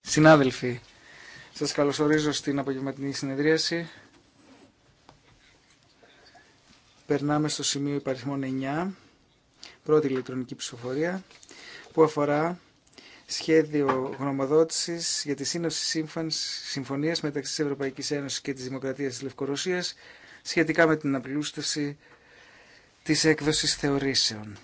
Συνάδελφοι, σας καλωσορίζω στην απογευματινή συνεδρίαση. Περνάμε στο σημείο υπαριθμών 9, πρώτη ηλεκτρονική ψηφοφορία, που αφορά σχέδιο γνωμοδότησης για τη σύνοση συμφωνίας μεταξύ της Ευρωπαϊκής Ένωσης και της Δημοκρατίας της Λευκορωσίας σχετικά με την απλούστευση της έκδοσης θεωρήσεων.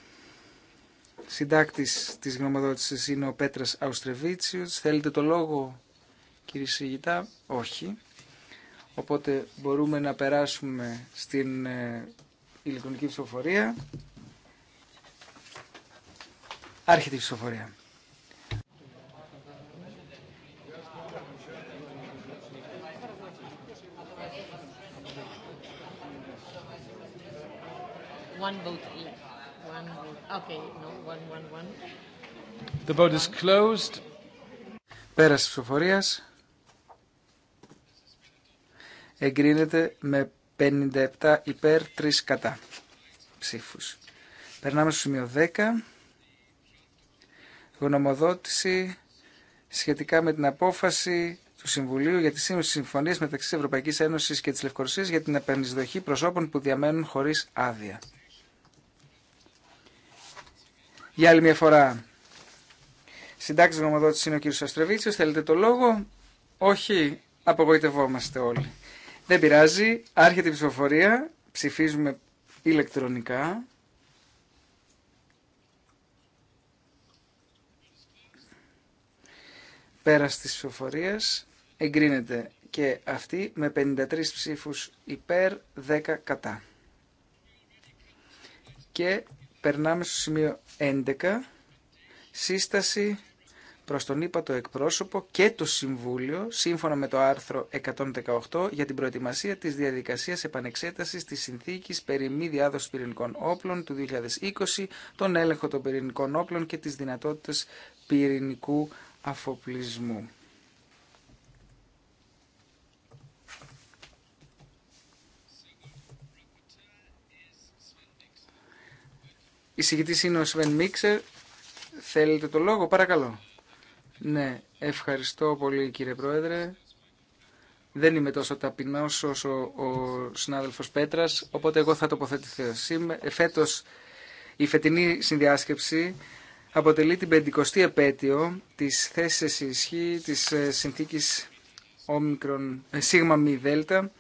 Συντάκτης της γνωμοδότησης είναι ο Πέτρας Αουστρεβίτσιο. Θέλετε το λόγο, κύριε Σιγητά. Όχι. Οπότε μπορούμε να περάσουμε στην ε, ηλεκτρονική ψηφοφορία. Άρχεται η ψηφοφορία. One vote Okay, no, one, Εγκρίνεται με 57 υπέρ 3 κατά ψήφους. Περνάμε στο σημείο 10. Γνωμοδότηση σχετικά με την απόφαση του Συμβουλίου για τη Σύμβαση Συμφωνία μεταξύ τη Ευρωπαϊκή Ένωση και τη Λευκορωσία για την επενδυσδοχή προσώπων που διαμένουν χωρί άδεια για άλλη μια φορά. Συντάξει γνωμοδότηση είναι ο κύριος Αστρεβίτσιος, θέλετε το λόγο. Όχι, απογοητευόμαστε όλοι. Δεν πειράζει, άρχεται η ψηφοφορία, ψηφίζουμε ηλεκτρονικά. πέρα της ψηφοφορίας εγκρίνεται και αυτή με 53 ψήφους υπέρ 10 κατά. Και περνάμε στο σημείο 11. Σύσταση προς τον ύπατο εκπρόσωπο και το Συμβούλιο, σύμφωνα με το άρθρο 118, για την προετοιμασία της διαδικασίας επανεξέτασης της συνθήκης περί μη διάδοσης πυρηνικών όπλων του 2020, τον έλεγχο των πυρηνικών όπλων και τις δυνατότητες πυρηνικού αφοπλισμού. Η συγκητής είναι ο Σβεν Μίξερ. Θέλετε το λόγο, παρακαλώ. Ναι, ευχαριστώ πολύ κύριε Πρόεδρε. Δεν είμαι τόσο ταπεινός όσο ο συνάδελφος Πέτρας, οπότε εγώ θα τοποθετηθώ. Ε, φέτος η φετινή συνδιάσκεψη αποτελεί την 50η επέτειο της θέσης ισχύ της ε, συνθήκης όμικρον, ε, σίγμα μη δέλτα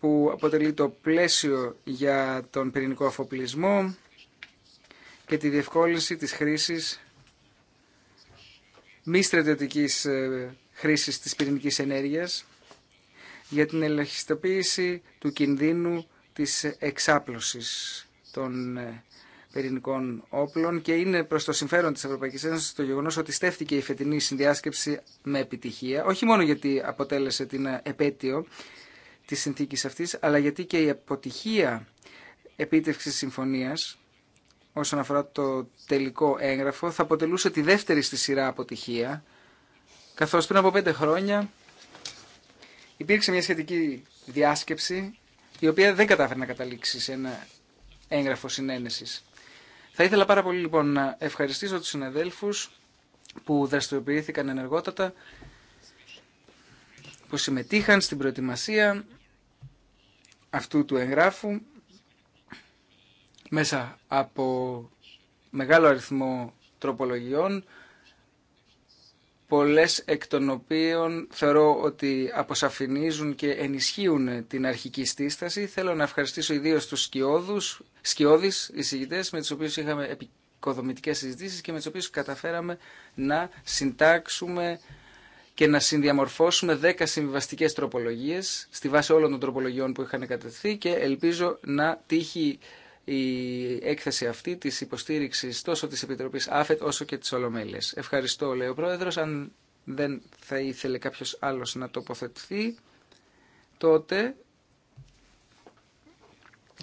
που αποτελεί το πλαίσιο για τον πυρηνικό αφοπλισμό και τη διευκόλυνση της χρήσης μη στρατιωτικής ε, χρήσης της πυρηνικής ενέργειας για την ελαχιστοποίηση του κινδύνου της εξάπλωσης των ε, πυρηνικών όπλων και είναι προ το συμφέρον τη Ευρωπαϊκή Ένωση το γεγονό ότι στέφτηκε η φετινή συνδιάσκεψη με επιτυχία, όχι μόνο γιατί αποτέλεσε την ε, επέτειο τη συνθήκη αυτή, αλλά γιατί και η αποτυχία επίτευξη συμφωνία όσον αφορά το τελικό έγγραφο θα αποτελούσε τη δεύτερη στη σειρά αποτυχία καθώς πριν από πέντε χρόνια υπήρξε μια σχετική διάσκεψη η οποία δεν κατάφερε να καταλήξει σε ένα έγγραφο συνένεσης. Θα ήθελα πάρα πολύ λοιπόν να ευχαριστήσω τους συναδέλφους που δραστηριοποιήθηκαν ενεργότατα, που συμμετείχαν στην προετοιμασία αυτού του εγγράφου μέσα από μεγάλο αριθμό τροπολογιών, πολλές εκ των οποίων θεωρώ ότι αποσαφηνίζουν και ενισχύουν την αρχική στήσταση. Θέλω να ευχαριστήσω ιδίως τους σκιώδους, σκιώδεις εισηγητές με τους οποίους είχαμε επικοδομητικές συζητήσεις και με τους οποίους καταφέραμε να συντάξουμε και να συνδιαμορφώσουμε 10 συμβιβαστικές τροπολογίες στη βάση όλων των τροπολογιών που είχαν κατευθεί και ελπίζω να τύχει η έκθεση αυτή της υποστήριξης τόσο της Επιτροπής ΑΦΕΤ όσο και της Ολομέλεια. Ευχαριστώ, λέει ο Πρόεδρος. Αν δεν θα ήθελε κάποιος άλλος να τοποθετηθεί, τότε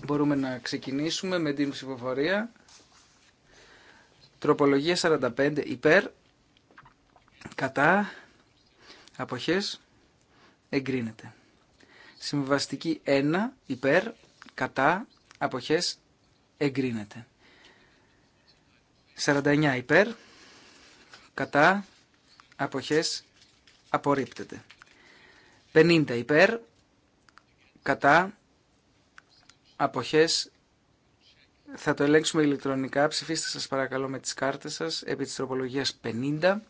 μπορούμε να ξεκινήσουμε με την ψηφοφορία. Τροπολογία 45 υπέρ, κατά, αποχές, εγκρίνεται. Συμβαστική 1 υπέρ, κατά, αποχές, εγκρίνεται. 49 υπέρ, κατά, αποχές, απορρίπτεται. 50 υπέρ, κατά, αποχές, θα το ελέγξουμε ηλεκτρονικά. Ψηφίστε σας παρακαλώ με τις κάρτες σας, επί της τροπολογίας 50.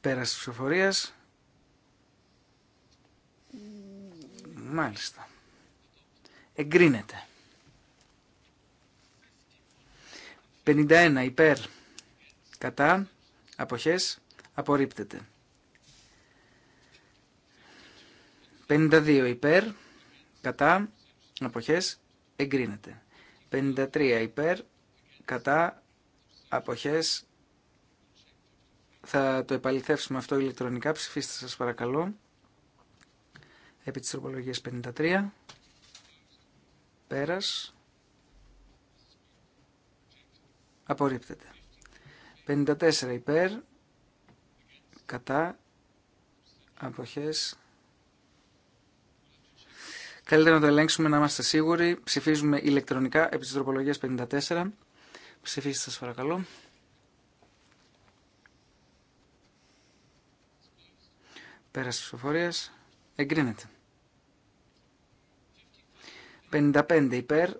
Πέρας της ψηφοφορίας Μάλιστα. Εγκρίνεται. 51 υπέρ κατά αποχές απορρίπτεται. 52 υπέρ κατά αποχές εγκρίνεται. 53 υπέρ κατά αποχές θα το επαληθεύσουμε αυτό ηλεκτρονικά. Ψηφίστε σας παρακαλώ επί της τροπολογίας 53 πέρας απορρίπτεται 54 υπέρ κατά αποχές Καλύτερα να το ελέγξουμε να είμαστε σίγουροι. Ψηφίζουμε ηλεκτρονικά επί της τροπολογίας 54. Ψηφίστε σας παρακαλώ. Πέρας ψηφοφορίας. Εγκρίνεται. 55 υπέρ.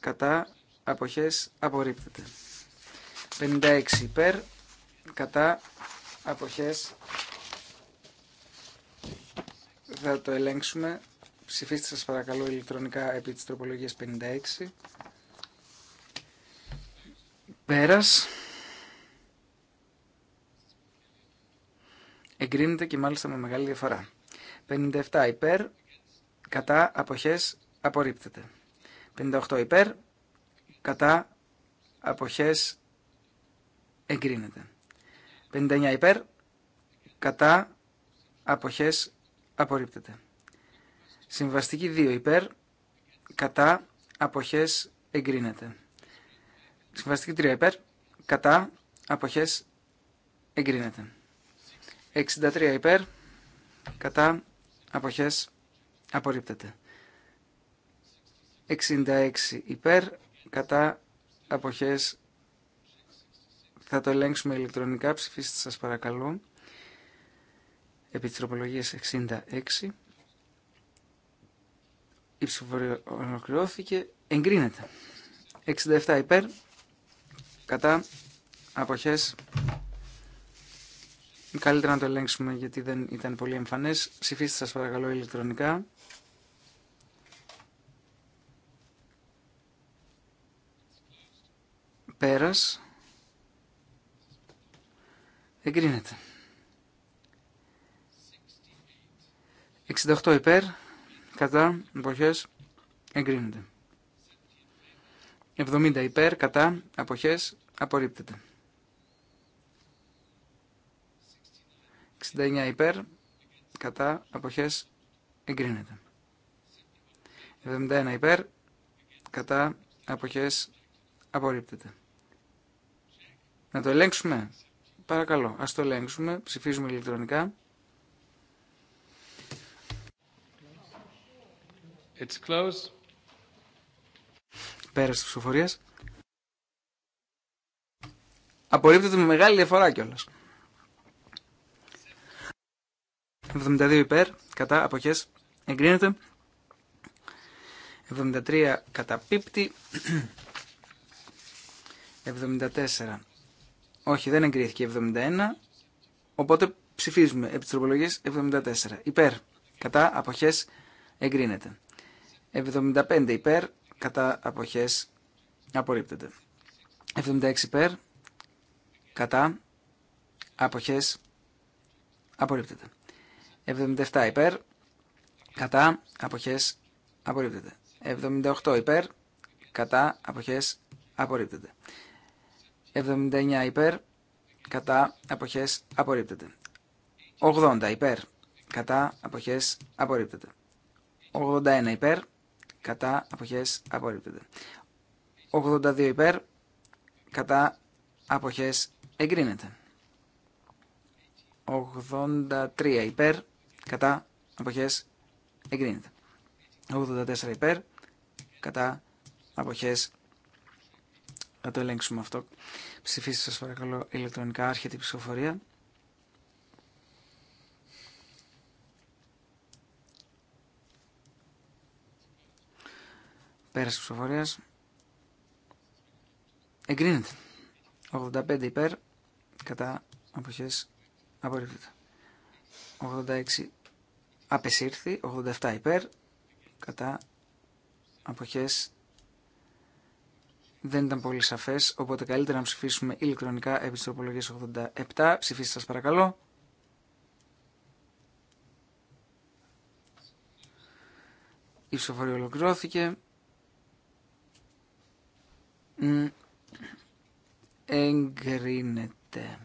Κατά αποχές απορρίπτεται. 56 υπέρ. Κατά αποχές θα το ελέγξουμε. Ψηφίστε σας παρακαλώ ηλεκτρονικά επί της τροπολογίας 56. Πέρας. Εγκρίνεται και μάλιστα με μεγάλη διαφορά. 57 υπέρ, κατά αποχές απορρίπτεται. 58 υπέρ, κατά αποχές εγκρίνεται. 59 υπέρ, κατά αποχές απορρίπτεται. Συμβαστική 2 υπέρ, κατά αποχές εγκρίνεται. Συμβαστική 3 υπέρ, κατά αποχές εγκρίνεται. 63 υπέρ, κατά αποχές απορρίπτεται. 66 υπέρ κατά αποχές θα το ελέγξουμε ηλεκτρονικά. Ψηφίστε σας παρακαλώ. Επί 66 η ψηφοφορία ολοκληρώθηκε. Εγκρίνεται. 67 υπέρ κατά αποχές Καλύτερα να το ελέγξουμε γιατί δεν ήταν πολύ εμφανές. Ψηφίστε σας παρακαλώ ηλεκτρονικά. Πέρας. Εγκρίνεται. 68 υπέρ, κατά, εποχές, εγκρίνεται. 70 υπέρ, κατά, αποχές, απορρίπτεται. 69 υπέρ, κατά αποχές εγκρίνεται. 71 υπέρ, κατά αποχές απορρίπτεται. Να το ελέγξουμε. Παρακαλώ, ας το ελέγξουμε. Ψηφίζουμε ηλεκτρονικά. It's closed. Πέρας της ψηφοφορίας. Απορρίπτεται με μεγάλη διαφορά κιόλας. 72 υπέρ, κατά αποχές εγκρίνεται. 73 κατά πίπτη. 74. Όχι, δεν εγκρίθηκε 71. Οπότε ψηφίζουμε επί της 74. Υπέρ, κατά αποχές εγκρίνεται. 75 υπέρ, κατά αποχές απορρίπτεται. 76 υπέρ, κατά αποχές απορρίπτεται. 77 υπέρ, κατά αποχές απορρίπτεται. 78 υπέρ, κατά αποχές απορρίπτεται. 79 υπέρ, κατά αποχές απορρίπτεται. 80 υπέρ, κατά αποχές απορρίπτεται. 81 υπέρ, κατά αποχές απορρίπτεται. 82 υπέρ, κατά αποχές εγκρίνεται. 83 υπέρ, κατά αποχές εγκρίνεται. 84 υπέρ κατά αποχές θα το ελέγξουμε αυτό. Ψηφίστε σας παρακαλώ ηλεκτρονικά άρχεται η ψηφοφορία. Πέρασε ψηφοφορίας. Εγκρίνεται. 85 υπέρ κατά αποχές απορρίπτεται. 86 απεσύρθη, 87 υπέρ, κατά αποχές δεν ήταν πολύ σαφές, οπότε καλύτερα να ψηφίσουμε ηλεκτρονικά επί 87. Ψηφίστε σας παρακαλώ. Η ψηφοφορία ολοκληρώθηκε. Εγκρίνεται.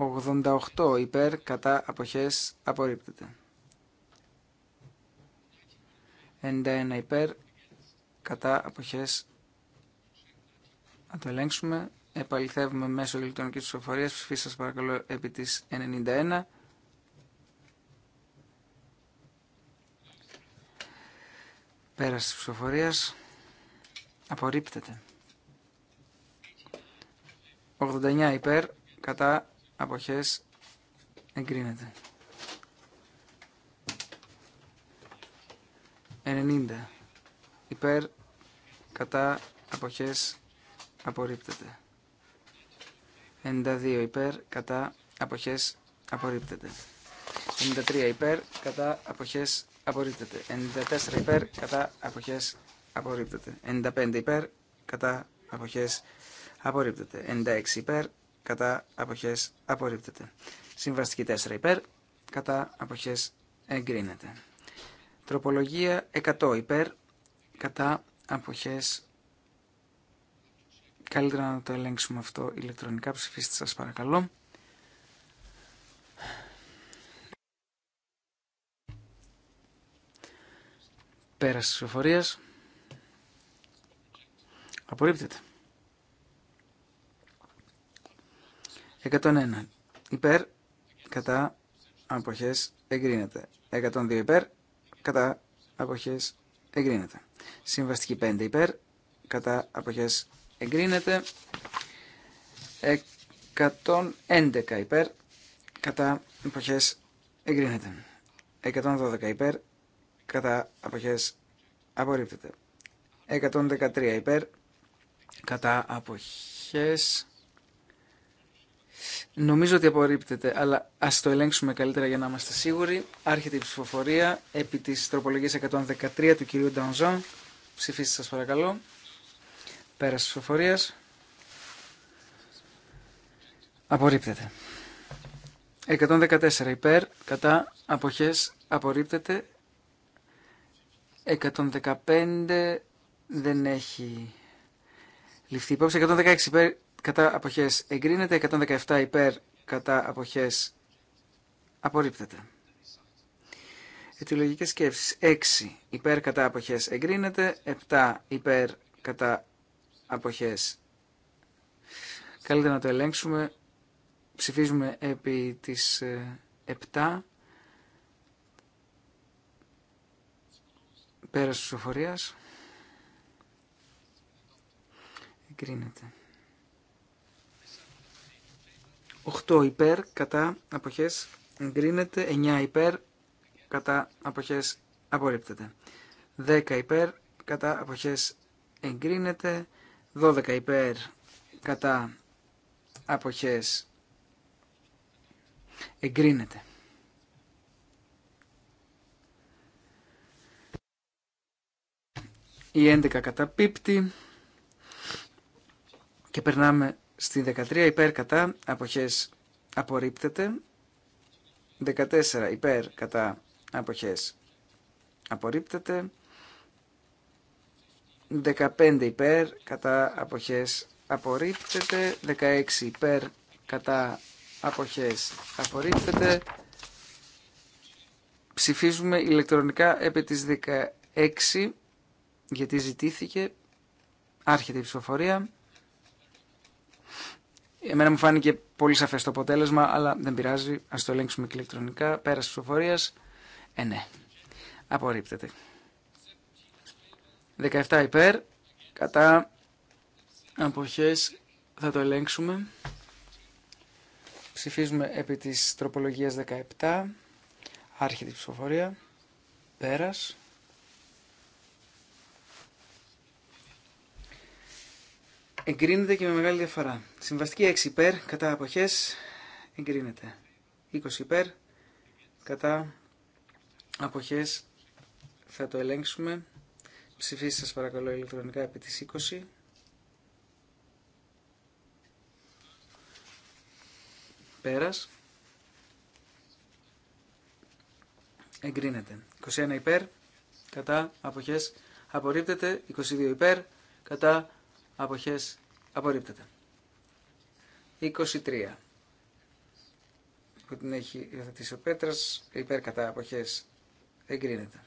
88 υπέρ κατά αποχές απορρίπτεται. 91 υπέρ κατά αποχές να το ελέγξουμε. Επαληθεύουμε μέσω ηλεκτρονικής ψηφοφορίας. Ψηφίστε σας παρακαλώ επί της 91. Πέρας της ψηφοφορίας απορρίπτεται. 89 υπέρ κατά αποχές εγκρίνεται. 90 υπέρ κατά αποχές απορρίπτεται. 92 υπέρ κατά αποχές απορρίπτεται. 93 υπέρ κατά αποχές απορρίπτεται. 94 υπέρ κατά αποχές απορρίπτεται. 95 υπέρ κατά αποχές απορρίπτεται. 96 υπέρ κατά αποχές απορρίπτεται. Συμβαστική 4 υπέρ, κατά αποχές εγκρίνεται. Τροπολογία 100 υπέρ, κατά αποχές Καλύτερα να το ελέγξουμε αυτό ηλεκτρονικά. Ψηφίστε σας παρακαλώ. Πέρας της ψηφοφορίας. Απορρίπτεται. 101 υπέρ κατά αποχές εγκρίνεται. 102 υπέρ κατά αποχές εγκρίνεται. Συμβαστική 5 υπέρ κατά αποχές εγκρίνεται. 111 υπέρ κατά αποχές εγκρίνεται. 112 υπέρ κατά αποχές απορρίπτεται. 113 υπέρ κατά αποχές Νομίζω ότι απορρίπτεται, αλλά ας το ελέγξουμε καλύτερα για να είμαστε σίγουροι. Άρχεται η ψηφοφορία επί της τροπολογίας 113 του κυρίου Ντανζόν. Ψηφίστε σας παρακαλώ. Πέρας της ψηφοφορίας. Απορρίπτεται. 114 υπέρ, κατά, αποχές, απορρίπτεται. 115 δεν έχει ληφθεί υπόψη. 116 υπέρ, κατά αποχές εγκρίνεται, 117 υπέρ κατά αποχές απορρίπτεται. Ετυλογικές σκέψεις 6 υπέρ κατά αποχές εγκρίνεται, 7 υπέρ κατά αποχές. Καλύτερα να το ελέγξουμε. Ψηφίζουμε επί της 7 ε, πέρας της οφορίας. Εγκρίνεται. 8 υπέρ κατά αποχές εγκρίνεται, 9 υπέρ κατά αποχές απορρίπτεται. 10 υπέρ κατά αποχές εγκρίνεται, 12 υπέρ κατά αποχές εγκρίνεται. Η 11 καταπίπτει και περνάμε Στη 13 υπέρ κατά αποχές απορρίπτεται. 14 υπέρ κατά αποχές απορρίπτεται. 15 υπέρ κατά αποχές απορρίπτεται. 16 υπέρ κατά αποχές απορρίπτεται. Ψηφίζουμε ηλεκτρονικά επί της 16 γιατί ζητήθηκε. Άρχεται η ψηφοφορία. Εμένα μου φάνηκε πολύ σαφές το αποτέλεσμα, αλλά δεν πειράζει. Α το ελέγξουμε και ηλεκτρονικά. Πέρας ψηφοφορία. Ε, ναι. Απορρίπτεται. 17 υπέρ. Κατά Αποχέ. θα το ελέγξουμε. Ψηφίζουμε επί της τροπολογίας 17. Άρχεται η ψηφοφορία. Πέρας. Εγκρίνεται και με μεγάλη διαφορά. Συμβαστική 6 υπέρ, κατά αποχές, εγκρίνεται. 20 υπέρ, κατά αποχές, θα το ελέγξουμε. Ψηφίστε σα παρακαλώ ηλεκτρονικά επί της 20. Πέρας. Εγκρίνεται. 21 υπέρ, κατά αποχές, απορρίπτεται. 22 υπέρ, κατά αποχές απορρίπτεται. 23 που την έχει υιοθετήσει ο Πέτρας, υπέρ κατά αποχές εγκρίνεται.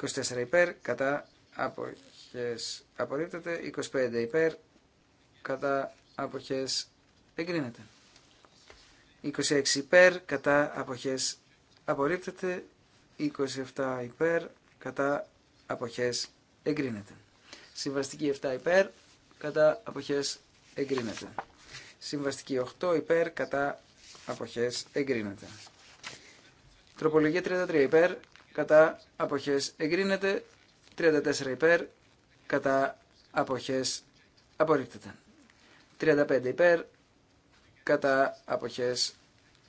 24 υπέρ κατά αποχές απορρίπτεται, 25 υπέρ κατά αποχές εγκρίνεται. 26 υπέρ κατά αποχές απορρίπτεται, 27 υπέρ κατά αποχές εγκρίνεται. Συμβαστική 7 υπέρ, κατά αποχές εγκρίνεται. Συμβαστική 8 υπέρ, κατά αποχές εγκρίνεται. Τροπολογία 33 υπέρ, κατά αποχές εγκρίνεται. 34 υπέρ, κατά αποχές απορρίπτεται. 35 υπέρ, κατά αποχές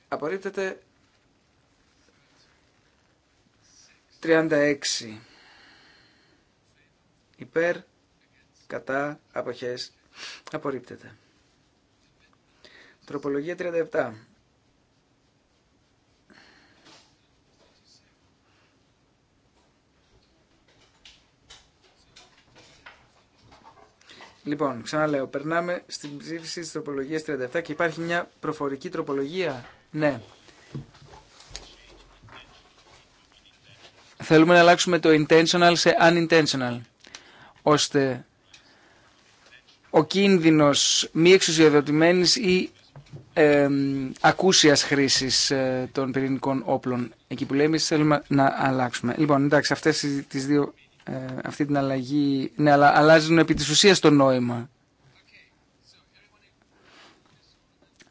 απορρίπτεται. 36 υπέρ, κατά, αποχές, απορρίπτεται. Τροπολογία 37. Λοιπόν, ξαναλέω, περνάμε στην ψήφιση της τροπολογίας 37 και υπάρχει μια προφορική τροπολογία. Ναι. Θέλουμε να αλλάξουμε το intentional σε unintentional, ώστε ο κίνδυνος μη εξουσιοδοτημένης ή ε, ακούσιας χρήσης ε, των πυρηνικών όπλων. Εκεί που λέμε θέλουμε να αλλάξουμε. Λοιπόν, εντάξει, αυτές τις δύο, ε, αυτή την αλλαγή, ναι, αλλά αλλάζουν επί της ουσίας το νόημα.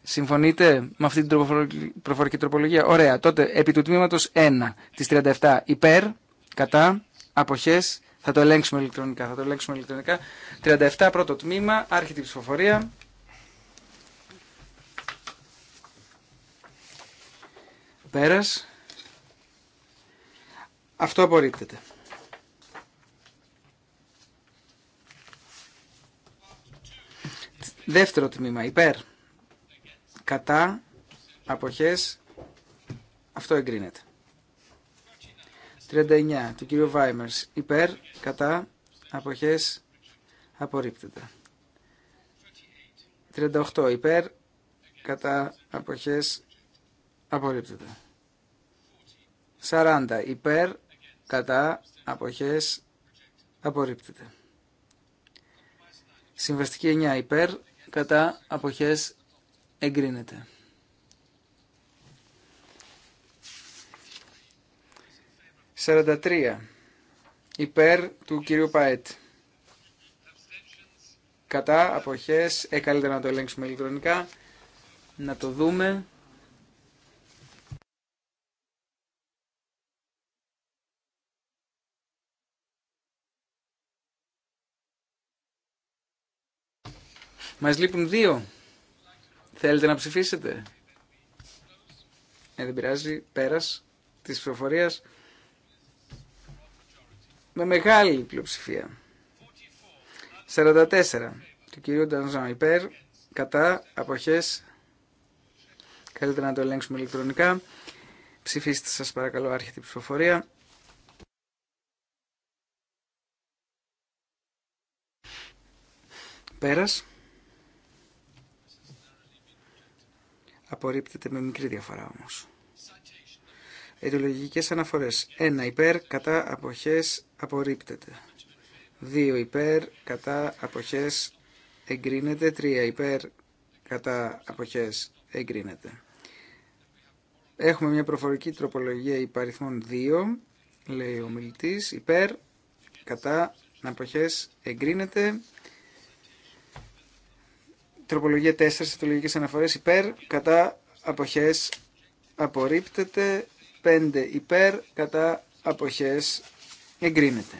Συμφωνείτε με αυτή την προφορική τροπολογία. Ωραία, τότε επί του τμήματος 1 της 37 υπέρ, κατά, αποχές, θα το ελέγξουμε ηλεκτρονικά. Θα το ελέγξουμε ηλεκτρονικά. 37 πρώτο τμήμα, άρχιτη ψηφοφορία. Πέρας. Αυτό απορρίπτεται. Δεύτερο τμήμα, υπέρ. Κατά, αποχές, αυτό εγκρίνεται. 39 του κύριου Βάιμερς. Υπέρ, κατά, αποχές, απορρίπτεται. 38 υπέρ, κατά, αποχές, απορρίπτεται. 40 υπέρ, κατά, αποχές, απορρίπτεται. Συμβαστική 9 υπέρ, κατά, αποχές, εγκρίνεται. 43 υπέρ του κυρίου Παέτ. Κατά αποχές, ε, καλύτερα να το ελέγξουμε ηλεκτρονικά, να το δούμε. Μας λείπουν δύο. Θέλετε να ψηφίσετε. Ε, δεν πειράζει. Πέρας της ψηφοφορίας με μεγάλη πλειοψηφία. 44 του κυρίου Ντανζάν υπέρ, κατά, αποχές, καλύτερα να το ελέγξουμε ηλεκτρονικά. Ψηφίστε σας παρακαλώ άρχεται ψηφοφορία. Πέρας. Απορρίπτεται με μικρή διαφορά όμως. Αιτιολογικές αναφορέ 1 υπέρ κατά απόχέ, απορρίπτεται. 2 υπέρ κατά απόχέ, εγκρίνεται. 3 υπέρ κατά αποχές εγκρίνεται. Έχουμε μια προφορική τροπολογία υπαριθμών 2, λέει ο μιλητή. υπέρ, κατά, αποχέ εγκρίνεται. Τροπολογία 4, συντολογικές αναφορέ, υπέρ, κατά, αποχές, απορρίπτεται. 5 υπέρ κατά αποχές εγκρίνεται.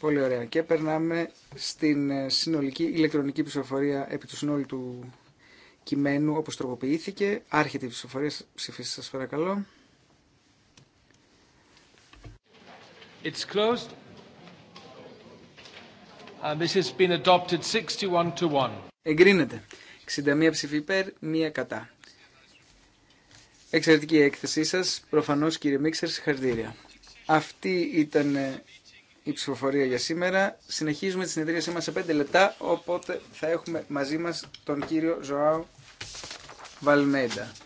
Πολύ ωραία. Και περνάμε στην ε, συνολική ηλεκτρονική ψηφοφορία επί του συνόλου του κειμένου όπως τροποποιήθηκε. Άρχεται η ψηφοφορία. Ψηφίστε σας παρακαλώ. It's closed. And uh, this has been adopted 61 to 1. Εγκρίνεται. 61 ψηφί υπέρ, 1 κατά. Εξαιρετική έκθεσή σας. Προφανώς κύριε Μίξερ, συγχαρητήρια. Αυτή ήταν ε, η ψηφοφορία για σήμερα. Συνεχίζουμε τη συνεδρία μας σε 5 λεπτά, οπότε θα έχουμε μαζί μας τον κύριο Ζωάου Βαλμέντα.